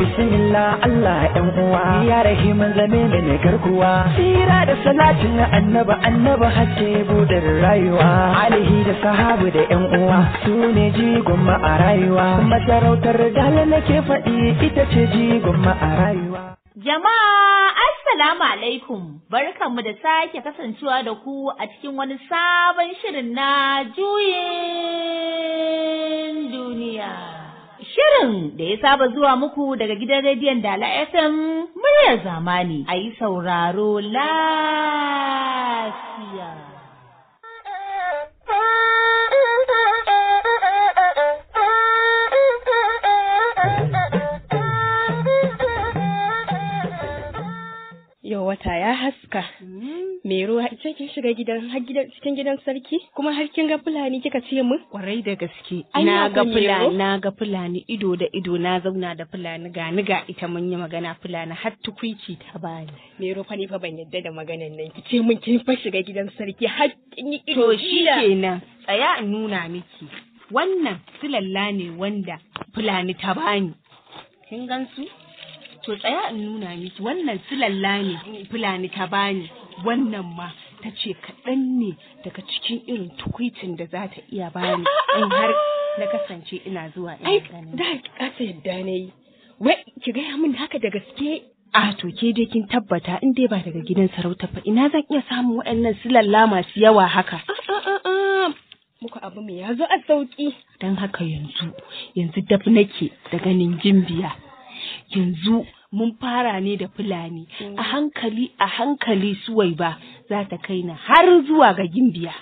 bismillah Allah ɗan uwa ya rahiman zame mai garkuwa tsira da salatin annaba annaba hace budar rayuwa alihi da sahabu da ƴan uwa su ne jigon ma a rayuwa masarautar dala nake faɗi ita ce jigon ma a rayuwa Jama'a Assalamu alaikum barkanmu da sake kasancewa da ku a cikin wani sabon shirin na juyin duniya. Shirin da ya saba zuwa muku daga gidan rediyon Dala FM murya zamani a yi sauraro lafiya. Yau wata ya haska. Mm. ce kin shiga gidan har gidan cikin gidan sarki kuma har kin ga fulani kika ce mu kwarai da gaske na ga fulani na ga fulani ido da ido na zauna da fulani ga ni ga ita mun yi magana fulani har tukuici ta bani me rofa ne fa ban yadda da maganan nan ki ce mun kin fa shiga gidan sarki har kin yi ido to shikenan tsaya in nuna miki wannan silalla ne wanda fulani ta bani kin gansu to tsaya in nuna miki wannan silalla ne fulani ta bani wannan ma ta ce kaɗan ne daga cikin irin tukwicin da za ta iya bani in har na kasance ina zuwa ina ganin. Ai, da kasa yadda na yi. Wai, ki gaya min haka da gaske A to ke dai kin tabbata in dai ba daga gidan sarauta ba ina zan iya samun waɗannan silalla masu yawa haka. muku abu mai yazo a sauki. Don haka yanzu, yanzu daf nake da ganin gimbiya. Yanzu mun fara ne da fulani a mm. hankali a hankali suwai ba za ta kai ni har zuwa ga gimbiya.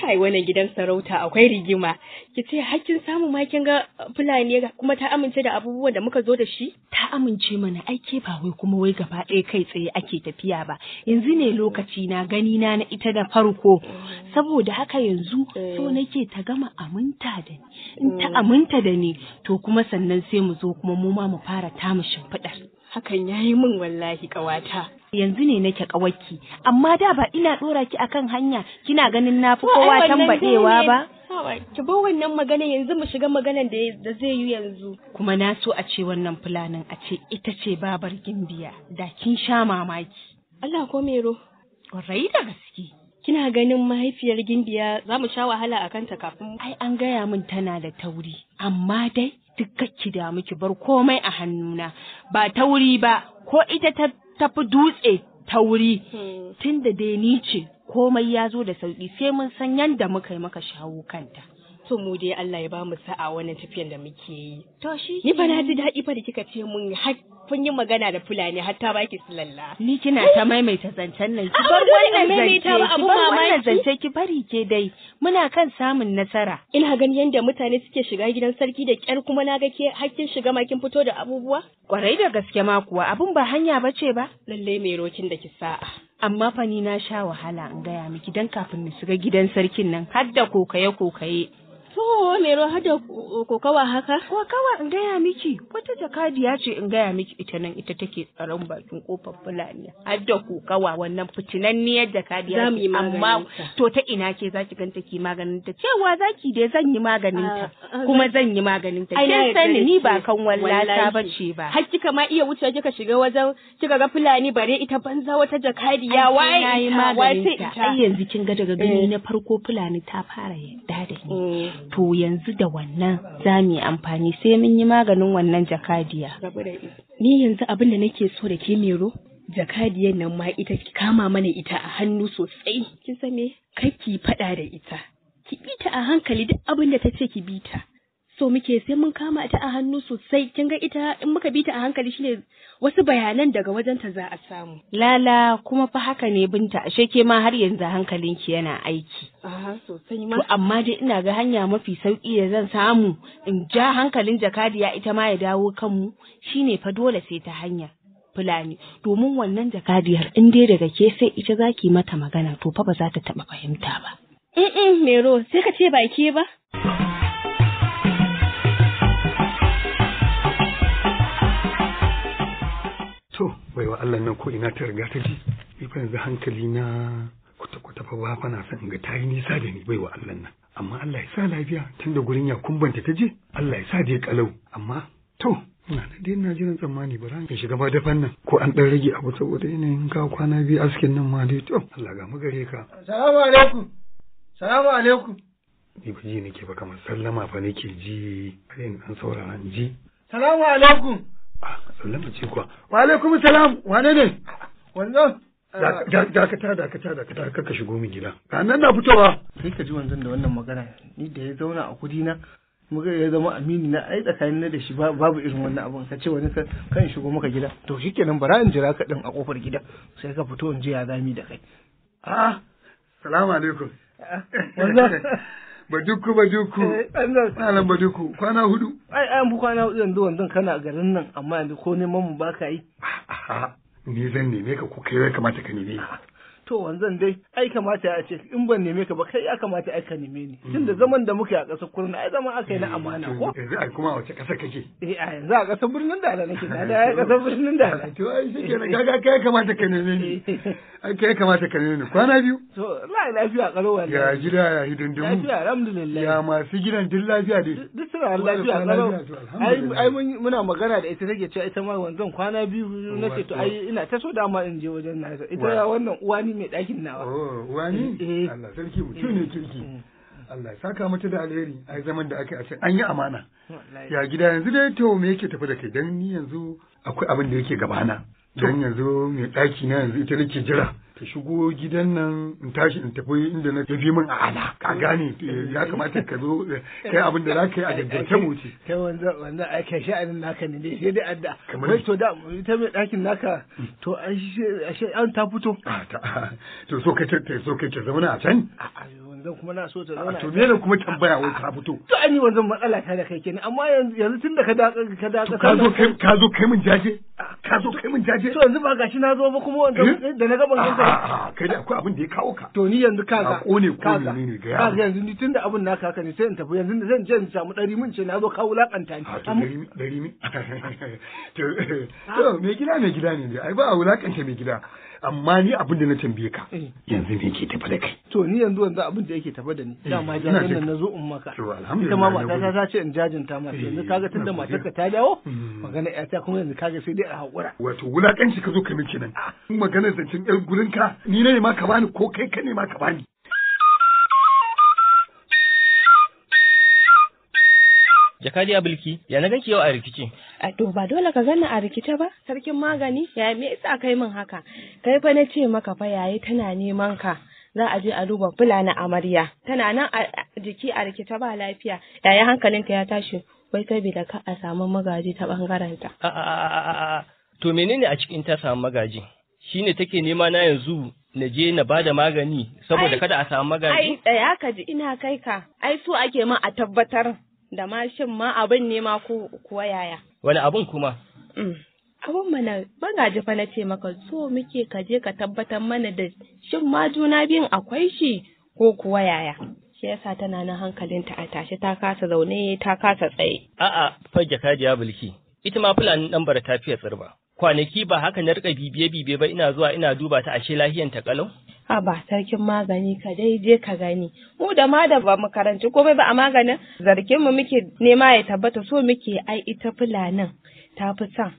Kai wannan gidan sarauta akwai rigima. Ki ce hakkin samu ma kin ga Fulani kuma ta amince da abubuwan da muka zo da shi? Ta amince mana aike ba wai kuma wai gaba ɗaya kai tsaye ake tafiya ba. Yanzu ne lokaci na gani na na ita da farko. Saboda haka yanzu so eh. nake ta gama aminta da ni. In ta mm. aminta da ni to kuma sannan sai mu zo kuma mu ma mu fara tamu shimfiɗar. hakan ya yi min wallahi kawata yanzu ne nake kawaki amma da ba ina ɗora ki akan hanya kina ganin na fi kowa baɗewa ba ki bo wannan magana yanzu mu shiga maganan da zai yi yanzu kuma na so a ce wannan fulanin a ce ita ce babar gimbiya da kin sha mamaki Allah ko mero kwarai da gaske kina ganin mahaifiyar gimbiya za mu sha wahala a kanta kafin ai an gaya min tana da tauri amma dai duk da miki bar komai a hannuna ba tauri ba ko ita ta tafi dutse tauri hmm. tunda dai ni ce komai ya zo da sauki sai mun san yadda muka yi maka shawo kanta so mu dai Allah ya ba mu sa'a wannan tafiyar da muke yi to shi ni ba na ji daɗi ba da kika ce mun har kun yi magana da fulani har ta ki silalla ni kina ta maimaita zancen nan ki bar wannan zance ki bar wannan zance ki bari ke dai muna kan samun nasara ina gani yadda mutane suke shiga gidan sarki da kyar kuma na ga ke hakkin shiga ma kin fito da abubuwa kwarai da gaske ma kuwa abun ba hanya ce ba Lallai mai rokin da ki sa'a amma fa ni na sha wahala in gaya miki don kafin mu shiga gidan sarkin nan har da kokaye kokaye To, ruwa hada kokawa haka? Kokawa in gaya miki, wata jakadiya ce in gaya miki ita nan ita take tsaron bakin kofar Fulani. Hadda kokawa wannan fitinanniyar jakadiya ce amma to ta ina ke ki ganta ki maganin ta? Cewa za ki dai zan yi maganin ta, ah, ah, kuma zan yi maganin ta. Kin sani ni ba kan wallata bace ba. Har kika ma iya wuce kika shiga wajen kika ga Fulani bare ita banza wata jakadiya wai na yi maganin ta. Ai yanzu kin ga daga gani eh. na farko Fulani ta fara yadda da ni. Eh. to yanzu da wannan za mu yi amfani sai mun yi maganin wannan jakadiya ni yanzu abin da nake so da ke mero jakadiyar nan ma ita ki kama mana ita a hannu sosai kin san me ki faɗa da ita ki bi ta a hankali duk abin da ta ce ki bi ta so muke sai mun kama ta a hannu sosai kin ga ita in muka bi ta a hankali shine wasu bayanan daga wajen ta za a samu lala kuma fa haka ne binta ashe ke ma har yanzu hankalin ki yana aiki aha sosai ma amma dai ina ga hanya mafi sauki da zan samu in ja hankalin jakadiya ita ma ya dawo kanmu shine fa dole sai ta hanya Fulani domin wannan jakadiyar in dai daga ke sai ita zaki mata magana to fa ba za ta taba fahimta ba. Mm Mero sai ka ce ba ke ba. baiwa Allah nan ko ina ta riga ta ji ni fa yanzu hankali na kuta-kuta fa ba na san ga ta yi nisa da ni baiwa Allah nan amma Allah ya sa lafiya tunda gurin ya kumbanta ta je Allah ya sa da ya kalau amma to ina da dai na jiran tsammani ba ran shiga ba da fannin ko an dan rage abu saboda yanayin ka kwana biyu askin nan ma dai to Allah ga magare ka assalamu alaikum assalamu alaikum ni ba ji nake ba kamar sallama fa nake ji An ni an saurara ji assalamu alaikum sallama ah, ce kuwa wa alaikum salam wane ne wanzan dakata dakata dakata kar ka shigo min gida ga nan na fitowa sai ka ji wanzan da wannan magana ni da ya zauna a kudi na muka ya zama amini na ai tsakanin na da shi babu irin wannan abun ka ce wani kan shigo maka gida to shikenan bara in jira ka din a kofar gida sai ka fito in je ya zami da kai a ah, salamu alaikum ah, wanzan Baduku Baduku. Eh, Malam Baduku kwana hudu. Ai an fi kwana hudu yanzu wanzan kana garin nan amma yanzu ko neman mu baka yi. Ni zan neme ka ko kai kamata ka neme. to wanzan dai ai kamata ya ce in ban neme ka ba kai ya kamata ai ka neme ni mm. da zaman da muke a ƙasar kurna ai zaman aka yi na amana ko yanzu eh, eh, a kuma a wace ƙasa kake eh a yanzu a ƙasar birnin Dala nake na da eh, ƙasar birnin Dala to ai shi kenan kaga kai kamata ka neme ni ai kai kamata ka neme ni kwana biyu to la lafiya karo wallahi ya gida ya mu lafiya alhamdulillah ya masu gidan duk lafiya dai duk suna lafiya ƙaro ai muna magana da ita take cewa ita ma wanzan kwana biyu nake to ai ina ta so dama in je wajen na ita wannan uwa ni mai ɗakin nawa oh, wani eh, eh. Allah sarki mutum ne kirki mm, mm. Allah saka mata da alheri a zaman da aka ce an yi amana ya gida yanzu dai to me yake tafi da kai dan ni yanzu akwai abin da yake gabana dan yanzu mai ɗaki na yanzu ita nake jira ka shigo gidan nan in tashi in tafi inda na tafi min a ala ka gane ya kamata ka zo kai abin da zaka yi a gaggauce mu ce kai wanda wanda ai kai sha'anin naka ne dai sai dai adda kamar to da ita mai dakin naka to ashe an ta fito ah, to so ta so kace zauna a can a'a zan kuma na so ta zauna to me ne kuma tambaya wai ka fito to an yi wanzan matsala ta da kai kenan amma yanzu tun da ka da ka da ka zo kai ka zo kai min jaje ah. ka zo kai min jaje to yanzu ba gashi na zo ba kuma wanda eh? da na ga ban ganka ah, ah, kai da akwai abin da ya kawo ka to ni yanzu kaga ko ne ko ne ne ga ya yanzu ni tun da abin naka haka ne sai in tafi yanzu zan je in samu dari mun ce na zo ka wulakanta ni to dari mi to me gida me gida ne ai ba wulakanta me gida amma ni abin da na tambaye ka eh. yanzu me ke tafa da kai to ni yanzu wanzu abin da yake tafa da ni eh, dama jajin nan nazo in maka ita ma mata ta ce in jajin ta mata eh, yanzu kaga tunda matar ka ta dawo hmm. magana ya ta kuma yanzu kaga sai dai a hakura wato wulakanci ka zo ka miki nan magana zancen yar gurin ka ni ne ma ka bani ko kai ka ne ma ka bani Jakadiya Bilki, ya na ganki yau a rikici? A to ba dole ka ganna a rikice ba, sarkin magani, ya me yasa kai min haka? Kai fa na ce maka fa yayi tana neman ka. Za a je a duba fulani amarya. Tana nan a jiki a rikice ba lafiya. Yayi hankalinka ya tashi wai da ka a samu magaji ta bangaren ta. A to menene a cikin ta samu magaji? Shine take nema na yanzu na je na ba da magani saboda kada a samu magaji? Ai, ya ka ji ina kai ka, ai so ake ma a tabbatar da ma shin ma abin ne ma ko kuwa yaya wani abin kuma mm. abun mana magaji fa na ce maka so muke ka je ka tabbatar mana da shin ma juna biyun akwai shi ko kuwa yaya shi yasa tana nan hankalinta a tashi ta kasa zaune ta kasa tsaye a'a fage kajiya bulki ita ma fulanin ɗan bara ta fiye tsirba kwanaki ba haka na riƙa bibiye bibiye ba ina zuwa ina duba ta ashe lahiyan ta kalau a ba sarkin magani ka dai je ka gani mu da ma da ba mu karanci komai ba a maganin zargin mu muke nema ya tabbata so muke ai ita fulanin ta fi san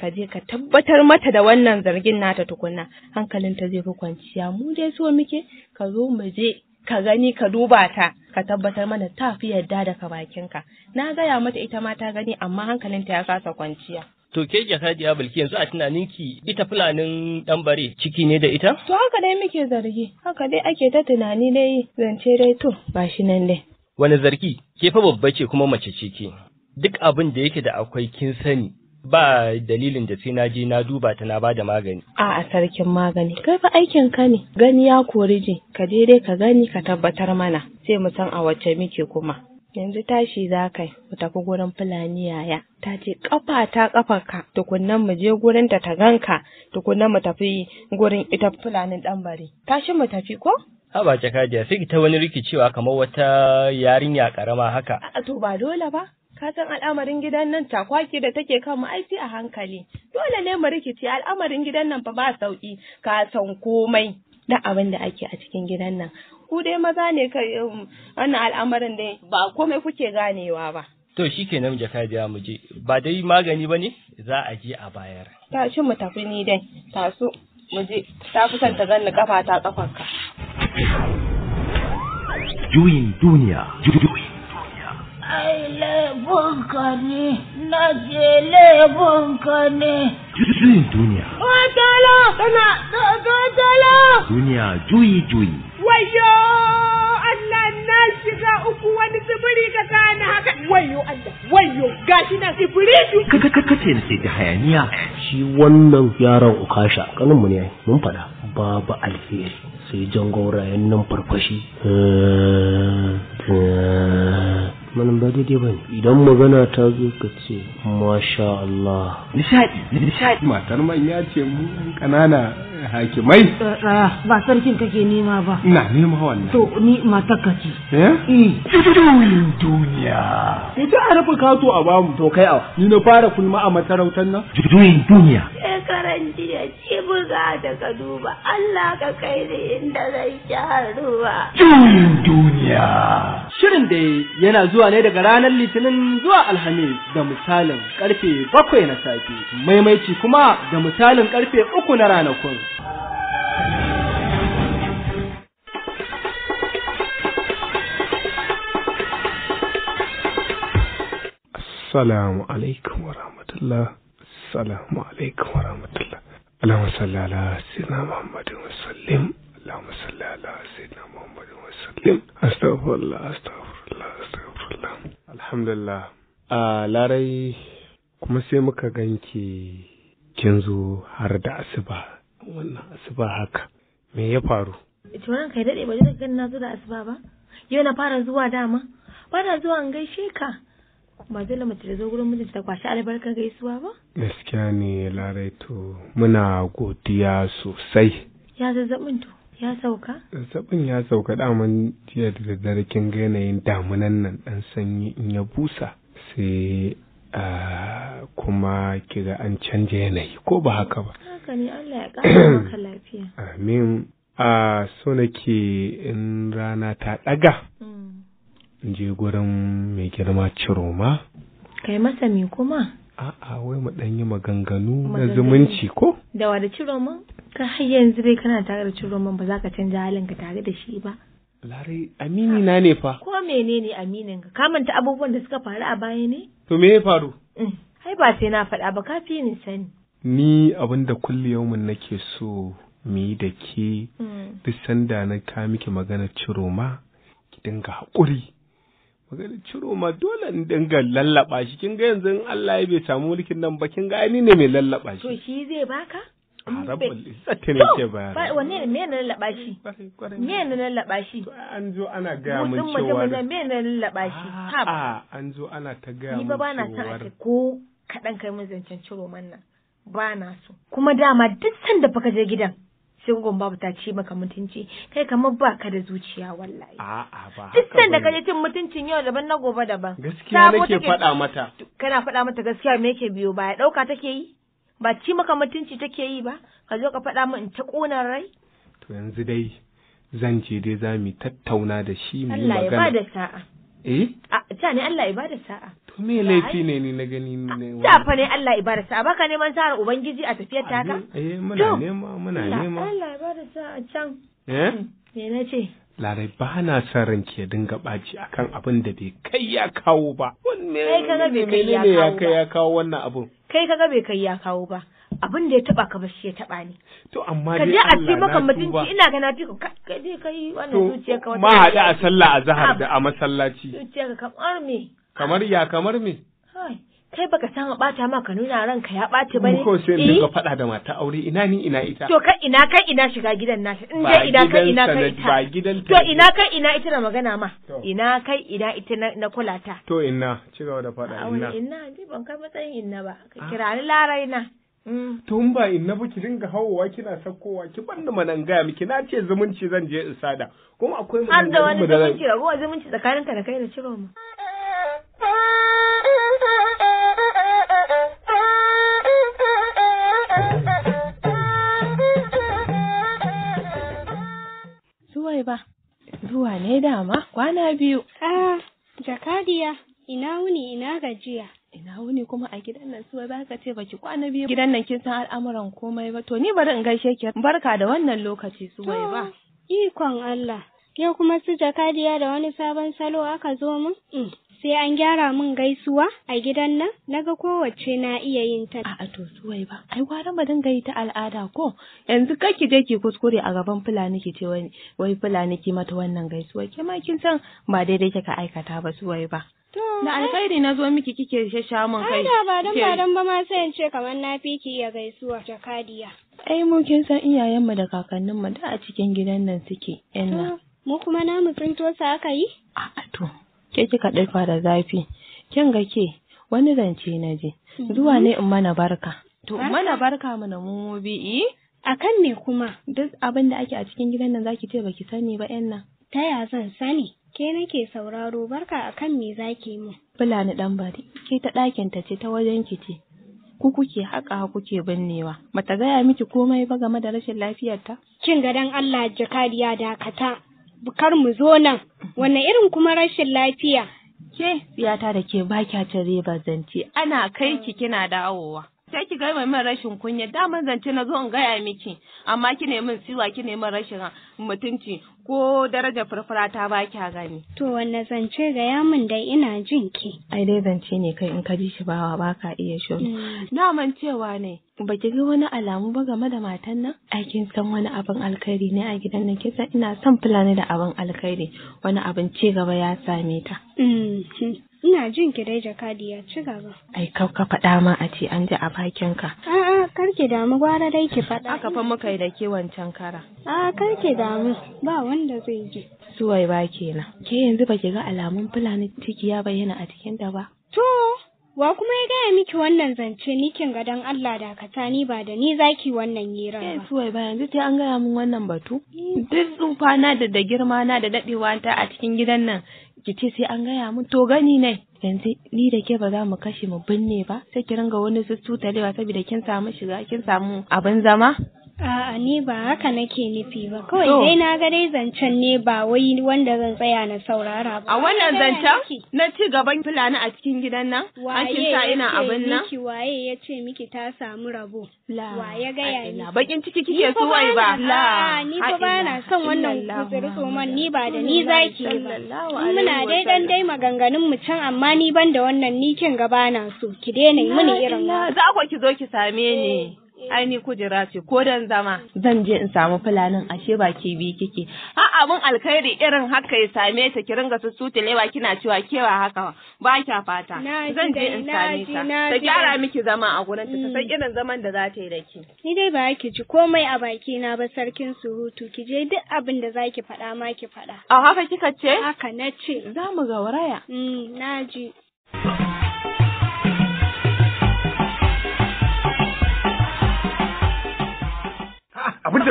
ka je ka tabbatar mata da wannan zargin nata tukunna hankalinta zai fi kwanciya mu dai so muke ka zo mu je ka gani ka duba ta ka tabbatar mana ta fi yarda da ka bakinka na gaya mata ita ma ta gani amma hankalin ta ya kasa kwanciya To ke ya ki yanzu a tunanin ki ita fulanin ɗanbare. bare ciki ne da ita? To haka dai muke zargi, haka dai ake ta tunani dai zance dai to ba shi nan dai. Wani zargi, ke fa babba ce kuma mace ce ke. Duk abin da yake da akwai kin sani ba dalilin da sai na je na duba ta na ba da magani. A a sarkin magani, kai fa aikin ka ne, gani ya kori je, ka je dai ka gani ka tabbatar mana, sai mu san a wacce muke kuma. yanzu tashi za kai mu tafi gurin fulani yaya ta ce kafa ta kafarka tukunnan mu je gurin ta ta ka, tukunnan mu tafi gurin ita fulanin dan bare tashi mu tafi ko a ba jakadiya sai ta wani rikicewa kamar wata yarinya karama haka a to ba dole ba ka san al'amarin gidan nan takwaki da take kan mu a hankali dole ne mu rikici al'amarin gidan nan ba, ba sauki ka san komai da abin da ake a cikin gidan nan ku dai maza ne ka um, wannan al'amarin dai ba komai kuke ganewa ba to shi ke shikenan jakadiya mu je ba dai magani bane za a je a bayar shi mu tafi ni dai taso mu je ta kusan ta ganni kafa ta kafarka juyin duniya Ai Ai ka ne, na ce ka ne. Juyin duniya. tana, tana, tana. Duniya juyi juyi. wayo Allah na shiga uku wani tsibiri ka na haka wayo Allah wayo gashi na ibritu kaga kace nake da hayaniya shi wannan yaron ukasha kanin mu ne mun fada babu alheri sai jan gaurayen nan farfashi eh, eh. manin ba daidai ba ne idan magana ta zo ka ce masha Allah nishadi nishadi matar manya ce mu kanana hakimai eh, eh, ba sarkin kake nema ba ina nema wannan to ni matar ka ce eh, eh. duniya ita arafa kato a mu to kai a ni na fara kulma a matarautar nan jujuyin duniya shekaran ya ce buga daga duba Allah ka kai ni inda zai gyaruwa duniya Shirin da yana zuwa ne daga ranar Litinin zuwa Alhamis da misalin karfe bakwai na safe, maimaici kuma da misalin karfe uku na ranakun. Assalamu alaikum wa rahmatullah, Assalamu alaikum wa rahmatullah. Allahumma salli ala Muhammadin wa cikin astagfirullah astagfirullah astagfirullah alhamdulillah a larai kuma sai muka ganki kin zo har da asuba wannan asuba haka me ya faru turan kai dade ba da gan na zo da asuba ba yau na fara zuwa dama fara zuwa an gaishe ka ba zai lamata da zo gurin mijinta ta kwashi albarkar gaisuwa ba gaskiya ne larai to muna godiya sosai ya zazzabin to ya sauka? zazzabin ya sauka daman jiya da daddare yanayin damunan nan dan sanyi in ya busa sai kuma kiga an canja yanayi ko ba haka ba haka ne Allah ya ƙara maka lafiya amin a so nake in rana ta ɗaga mm. in je gurin mai girma ciroma kai masa me kuma a'a wai mu dan yi maganganu na zumunci ko da wa da ciroman ka har yanzu dai kana tare da ciroman ba za ka canja ka tare da shi ba Lare amini na ne fa. Ko menene aminin ka? Ka manta abubuwan da suka faru a baya ne? To me ya faru? Hai mm. ba sai na faɗa ba ka fi ni sani. Ni abin da kulli yaumin nake so mu yi da ke mm. duk sanda na ka miki magana ciroma ki dinga haƙuri. magana ciro ma dole in dinga lallaba shi kin ga yanzu in Allah ya bai samu mulkin nan ba kin ga ni ne mai lallaba shi to shi zai baka Rabbul Izzati ne ke bayar. Wanne ne na lallaba shi? Me na lallaba shi? An zo ana ga mun cewa. Mutum mutum na lallaba shi? Ha an zo ana ta ga mun cewa. Ni ba bana san ake ko kaɗan kai mun zancen ciro man nan. Ba na so. Kuma dama duk sanda baka je gidan. Cin babu ta ci maka mutunci kai kamar ba ka da zuciya wallahi. A'a ba. Duk sanda ka ji cin mutuncin yau daban na gobe daban. Gaskiya nake faɗa mata. Kana faɗa mata gaskiya me yake biyo baya ɗauka take yi? Ba ci maka mutunci take yi ba? Ka zo ka faɗa min ta ƙonar rai? To yanzu dai zan je dai za mu tattauna da shi mu yi magana. Allah ya ba da sa'a. eh ta ne Allah ibada sa'a to me laifi ne ni na gani ne ta fa ne Allah ibada sa'a baka neman sa'ar ubangiji a tafiyar taka eh muna nema muna nema Allah ibada sa'a can eh me nace Larai ba na son ranki ya dinga ɓaci akan abin da bai kai ya kawo ba. Kai kaga ya kai ya kawo wannan abin? Kai kaga bai kai ya kawo ba. Abin da ya taba ka ba shi ya taba ne. To amma dai Allah na tuba. Ka je a ce maka mutunci ina ga na ji ka kai kai wannan zuciya ka wata. Ma haɗu a sallah a zahar da a masallaci. Zuciya ka kamar me? Kamar ya kamar me? Hai. kai baka san a bata ma ka nuna ranka ya bace ba ne. Ko sai eh? dinga faɗa da mata aure ina ni ina ita. To kai ina kai ina shiga gidan nashi in dai ina kai ina kai ita. Ba gidan To ina kai ina ita da magana ma. Ina kai ina ita na kula ta. To ina ci gaba da faɗa ina. Ina ji ban kai matsayin ina ba ka ah. kira ni larai na. Mm. To in ba ina ba ki dinga hawowa kina sakkowa ki banda manan gaya miki na ce zumunci zan je in sada kuma akwai har da wani zumunci rabuwa zumunci tsakaninka da kai da ciro mu. kawai ba, zuwa ne dama kwana biyu. Ah, jakadiya, ina wuni ina gajiya. Ina wuni kuma a gidan nan suwa ba ka ce baki kwana biyu gidan nan kin san al'amuran komai ba to ni bari in gaishe ki barka da wannan lokaci suwa ba. Ikon Allah, yau kuma su jakadiya da wani sabon salo aka zo min? Mm. sai an gyara min gaisuwa a gidan nan naga kowace na iya yin ta a'a to suwai ba ai gwara ba dinga yi ta al'ada ko yanzu kake je ki kuskure a gaban fulani ki ce wai wai fulani ki mata wannan gaisuwa ke ma kin san ba daidai kika aikata ba suwai ba da alkhairi na zo miki kike shasha min kai ai ba dan ba dan ba ma sai in ce kamar na fi ki iya gaisuwa jakadiya ai mu kin san iyayenmu da kakanninmu da a cikin gidan nan suke yan nan mu kuma namu tsinto sa aka yi a'a to ke kika dafa da zafi kin ga ke wani zance na je zuwa ne in mana barka to mana barka mu mu bi akan ne kuma duk abin da ake a cikin gidan nan zaki ce baki sani ba yan nan ta ya zan sani ke nake sauraro barka akan me zaki mu fulani dan bari ke ta ɗakin ta ce ta wajen ki ce ku kuke haƙa kuke binnewa bata gaya miki komai ba game da rashin lafiyarta kin ga dan Allah jakadiya dakata kar mu zo nan wannan irin kuma rashin lafiya ke siyata da ke ba a riba zance ana kai ki kina dawowa sai ki gaya min rashin kunya daman zance na zo in gaya miki amma ki ne min siwa ki ne min rashin mutunci ko daraja furfura ta ba kya gani. To wanne zance gaya min dai ina jin ki. Ai dai zance ne kai in ka ji shi bawa baka iya iya shiru. Mm. Daman cewa ne Ba ki ga wani alamu ba game da matan nan? Ai kin san wani abin alkhairi ne a gidan nan kisa, ina son fulani da abin alkhairi wani abin ci gaba ya same ta. Mm, Ina jin ki dai ya ci gaba. Ai kau ka faɗa ma a ce an ji a bakin ka. A'a kar ki damu gwara dai ki faɗa. Aka fa muka yi da ke wancan kara. A'a kar ki damu ba wanda zai ji. Suwai ba kenan. Ke yanzu ba ki ga alamun fulani ciki ya bayyana a cikin da ba. To wa kuma ya gaya miki wannan zance ni kin ga dan Allah da dakata ni ba da ni zaki wannan yiran ba. Eh suwai ba yanzu sai an gaya min wannan batu. Duk tsufa na da da girma na da dadewa ta a cikin gidan nan ki ce sai an gaya mun to gani ne yanzu ni da ke ba za mu kashe mu binne ba sai ki ringa wani talewa saboda kin samu shiga kin samu abin zama A'a ni ba haka nake nufi ba kawai dai na ga dai zancen ne ba wai wanda zan tsaya na saurara ba. A wannan zancen na ci gaban fulani a cikin gidan nan an kin sa ina abin nan. Waye ya ce miki ta samu rabo? Wa ya gaya ni? Bakin ciki kike so wai ba. La ni ba ba na son wannan kutsiri man, ni ba da ni zaki ba. Muna dai dan dai maganganun mu can amma ni ban da wannan ni kin gaba na so ki daina yi mini irin. Za ku ki zo ki same ni. Eh. ai ni kujera ce ko dan zama zan je in samu fulanin ashe ba ke bi kike ha abun alkhairi irin haka ya same ta ki ringa lewa kina cewa kewa haka ba kya fata zan je in same ta ta gyara miki zama a gurin ta san mm. irin zaman da za ta yi da ki ni dai ba ki ji komai a baki na ba sarkin surutu ki je duk abin da za ki faɗa ma ki faɗa a haka kika ce haka na ce za mu gauraya mm, na ji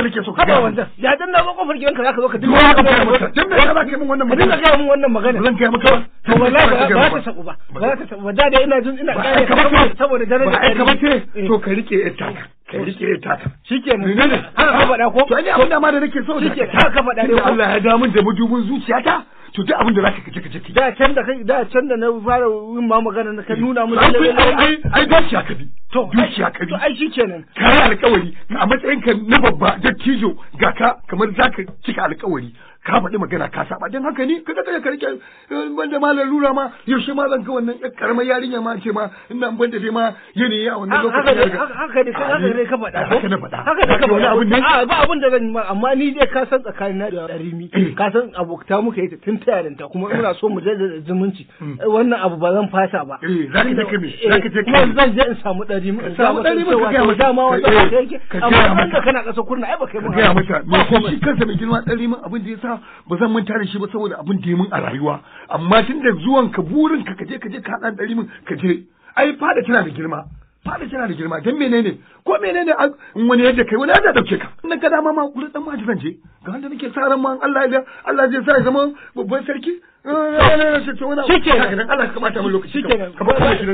haka nake so ka ga wannan ya dan na kofar gidan ka zaka zo ka dinga ka ga wannan dan me ka zaka yi min wannan magana dinga ga min wannan magana zan kai maka to wallahi ba ta saku ba ba ta saku ba da ina jin ina ka saboda daraja ai ka bace eh. to ka rike ita ka rike ta shikenan ne ha faɗa ko to ai abin da ma da nake so shikenan ka faɗa ne Allah ya da mun da mujubin zuciyata to duk abin da zaka kace kace ki da can da kai da can da na fara yin ma magana na ka nuna mun lalle ai ai dukiya ka bi to dukiya ka bi to ai shikenan kai alƙawari a matsayin ka na babba dattijo ga ka kamar zaka cika alƙawari ka faɗi magana ka saba don haka ni ka ta karke eh, banda ma lalura ma yaushe ma zan ga wannan ƴar karamar yarinya ma ce ma ina banda dai ma yini ya wannan lokacin da haka ne haka ne ka faɗa haka ne faɗa haka ne ka faɗa ne ba abin da zan ma amma ni dai ka san tsakanin na da Rimi mm. ka san abokta muka yi ta tun ta kuma muna so mu jaddada zumunci mm. eh, wannan abu ba zan fasa ba eh zaka je za ka je eh, kemi zan je in samu ɗari mu in samu ɗari mu ka ga mu dama wannan ka yake amma kana kasa kurna ai ba kai ba ka ga mata ko shi kansa mai girma ɗari mu abin da ya sa manta ba zan manta da shi ba saboda abin da ya a rayuwa amma tun da zuwan ka burin ka kaje kaje ka haɗa dari min ka je ai fada tana da girma fada tana da girma dan menene ko menene in wani yadda kai wani yadda dauke ka na ka dama ma kula dan ma zan je ga wanda nake sa ran ma Allah ya Allah zai sa ya zama babban sarki shike nan Allah ka kamata mun lokaci ka bada shi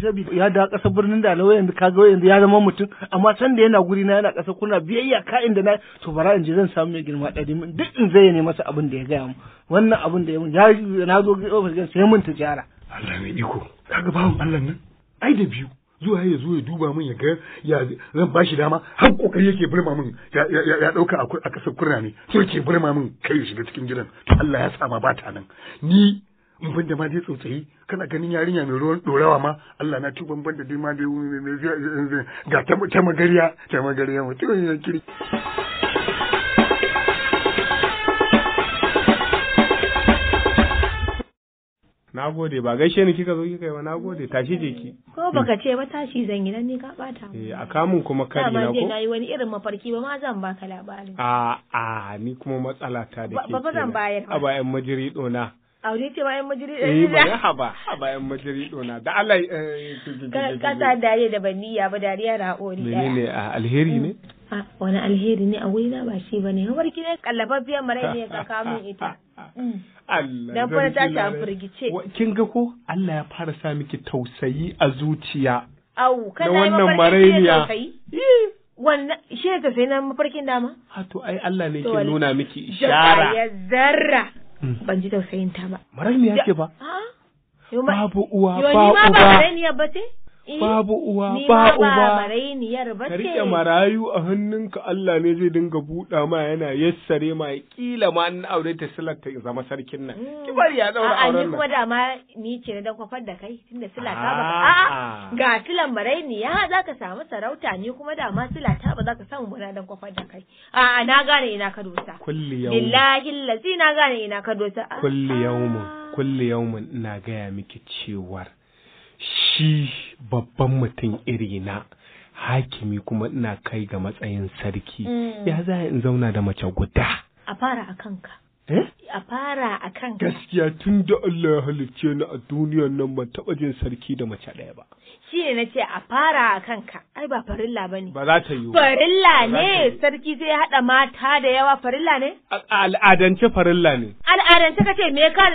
amin ya birnin da kaga ya zama mutum amma sanda yana guri na yana kasa kuna biyayya ka na to in zan samu mai girma ɗari min in zai ne masa da ya gaya mu wannan abin da ya mun ya na zo ga ofis sai mun tijara Allah mai iko Allah nan ai da biyu zuwa ya zo ya duba min ya ga ya zan bashi dama har kokari yake burma min ya dauka a kasar kurna ne so yake burma min kai shiga cikin gidan to Allah ya sama ba ta nan ni in banda ma dai tsotsayi kana ganin yarinya mai ruwan dorawa ma Allah na tuban banda dai ma dai ga ta magariya ta magariya mutum ya kiri na gode ba gaishe ni kika zo kika yi ba na gode tashi je ki ko baka ce ba tashi zan yi nan ni ka bata eh a kamun kuma kari na ko ba je wani irin mafarki ba ma zan baka labarin a a ni kuma matsala ta da ke ba zan bayar ba 'yan majiri dona aure ce ba 'yan majiri dona eh ba haba bayan majiri dona da Allah eh, ka ta dariya da baniya ba dariya Ne menene alheri ne mm. wani alheri ne a wurina ba shi bane kamar kina kallababbiyar mara ne ga kamun min ita mm. Allah ya fara ta ta furgice kin ga ko Allah ya fara sa miki tausayi a zuciya au kana wannan marainiya wannan shi ne tausayi eh. na mafarkin dama a to ai Allah ne ke nuna miki ishara ya zarra mm. ban ji tausayin ta ba ya ke ba babu uwa ba uba ba marainiya ba ce Eh, babu uwa ba uba ka riƙe marayu a hannunka Allah ne zai dinga buɗa ma yana yassare ma ƙila ma an aure ta silar ta zama sarkin nan mm. ki bari ya daura auren nan a kuma da ma ni ce na kwafar da kai tunda sila ta ba a ah. ga silan ya za ka samu sarauta ni kuma da ma sila ta ba za ka samu muna dan kwafar da kai a na gane ina ka dosa kulli yawm Lillahi lazi na gane ina ka dosa kulli yawm kulli yawm ina gaya miki cewar shi babban mutum iri na hakimi kuma ina kai ga matsayin sarki mm. ya za in zauna da mace guda a fara a kanka Eh? a fara a kan gaskiya tun da Allah ya halicce ni a duniyar nan ban taɓa jin sarki da mace ɗaya ba shi ne na ce a fara a kanka ai ba farilla ba ne ba za ta yi farilla ne sarki zai haɗa mata da yawa farilla ne al'adance farilla ne al'adance ka ce me ka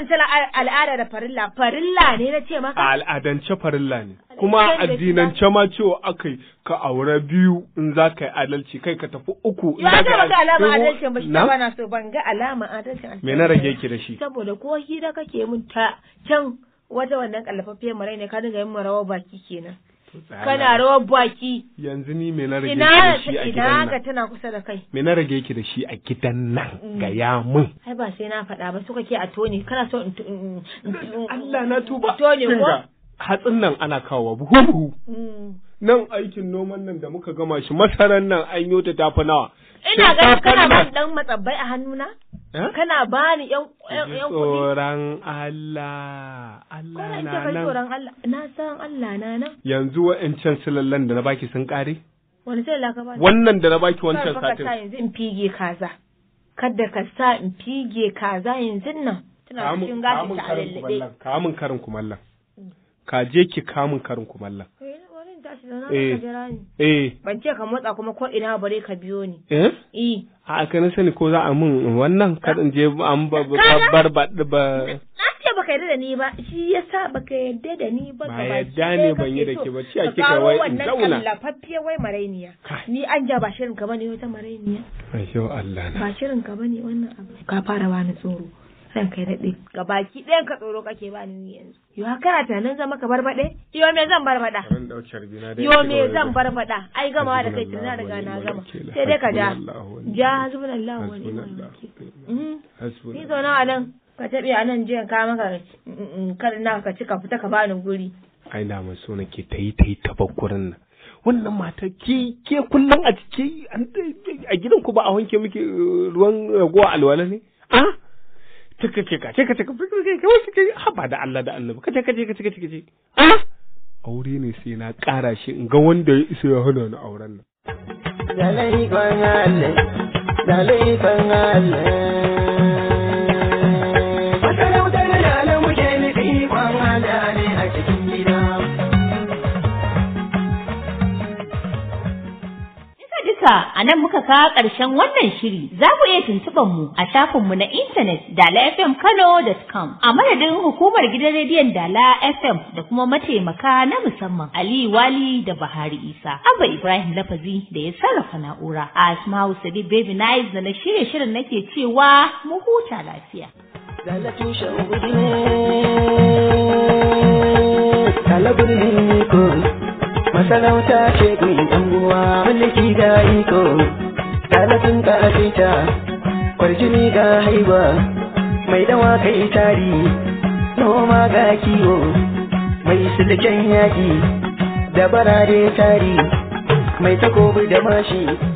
al'ada da farilla farilla ne na ce maka al'adance farilla ne kuma addinan ma cewa aka yi ka aure biyu in za ka yi adalci kai ka tafi uku in za ka yi alama adalci ba shi ba na so ban ga alama adalci me na rage ki da shi saboda ko hira kake mun ta can wata wannan kallafaffe marai ne ka dinga yin marawa baki kenan kana rawa baki yanzu ni me na rage ki da shi a gidan nan ina ga tana kusa da kai me na rage ki da shi a gidan nan mm. ga ya mun ai ba sai na faɗa ba suka ke a tone kana so Allah na tuba tone ko hatsin nan ana kawo buhu mm. nan aikin noman nan da muka gama shi masaran nan an yi ta tafi nawa ina ga kana ba dan matsabbai a hannuna eh? kana ba ni yan kuɗi. tsoron Allah Allah na nan tsoron Allah na san Allah na nan yanzu wa'ancan silallan da na baki sun kare wani sai laka ba? wannan da na baki wancan satin Kada ka yanzu in fige kaza kada ka sa in fige kaza yanzu nan tana cikin gashi ta alalle kamun karin kumallon ka je ki kamun karin kumallon eh, eh. eh. Ban ce ka motsa kuma ko ina bare ka biyo ni. Eh? Eh. A ka sani ko za a mun wannan kar in je an babbar ba Na ce baka yarda da ni ba shi yasa baka yarda da ni ba ba. yarda ne ban yi da ke ba ci a kika wai in zauna. Ka kawo wai marainiya. Ni an ja ba shirin ka bane wata marainiya. Ai yau Allah na. Ba shirin ka bane wannan abu. Ka fara bani tsoro. san kai daɗe ga baki ɗayan ka tsoro kake ba ni yanzu yo kana tunanin zama ka barbaɗe yo me zan barbaɗa yo me zan barbaɗa ai gama da kai tunan daga na gama sai dai ka ja ja hasbun allah wa ni'mal wakil mhm. ni zauna a nan ka taɓe a nan jiya ka maka mm, mm, mm, kar na ka ci ka fita ka bani guri ai na mai so nake ta yi ta yi ta nan wannan mata ke ke kullum a cike a gidan ku ba a wanke muke uh, ruwan ragowa alwala ne a ah? take ke kace kace kace da Allah da Allah kace kace kace kace kace ah! aure ne sai na ƙara shi in ga wanda ya isa ya hana ni auren nan dalai kan Allah dalai kan Allah duka a nan muka kawo ƙarshen wannan shiri. Za ku iya tuntuɓar mu a shafinmu na intanet dalafmkano.com. A madadin hukumar gidan rediyon Dala FM da kuma mataimaka na musamman Ali Wali da Bahari Isa. Abba Ibrahim Lafazi da ya sarrafa na'ura. A Asma'u Sabi Baby Nice da na shirye shirin nake cewa mu huta lafiya. Masarauta ce ɗin unguwa mulki ga iko, ɗalibin ƙarfe ta, kwarjini ga haiba, mai dawa kai tari, noma ga kiwo, mai sulken yaƙi, da barare tari, mai takobi da mashi.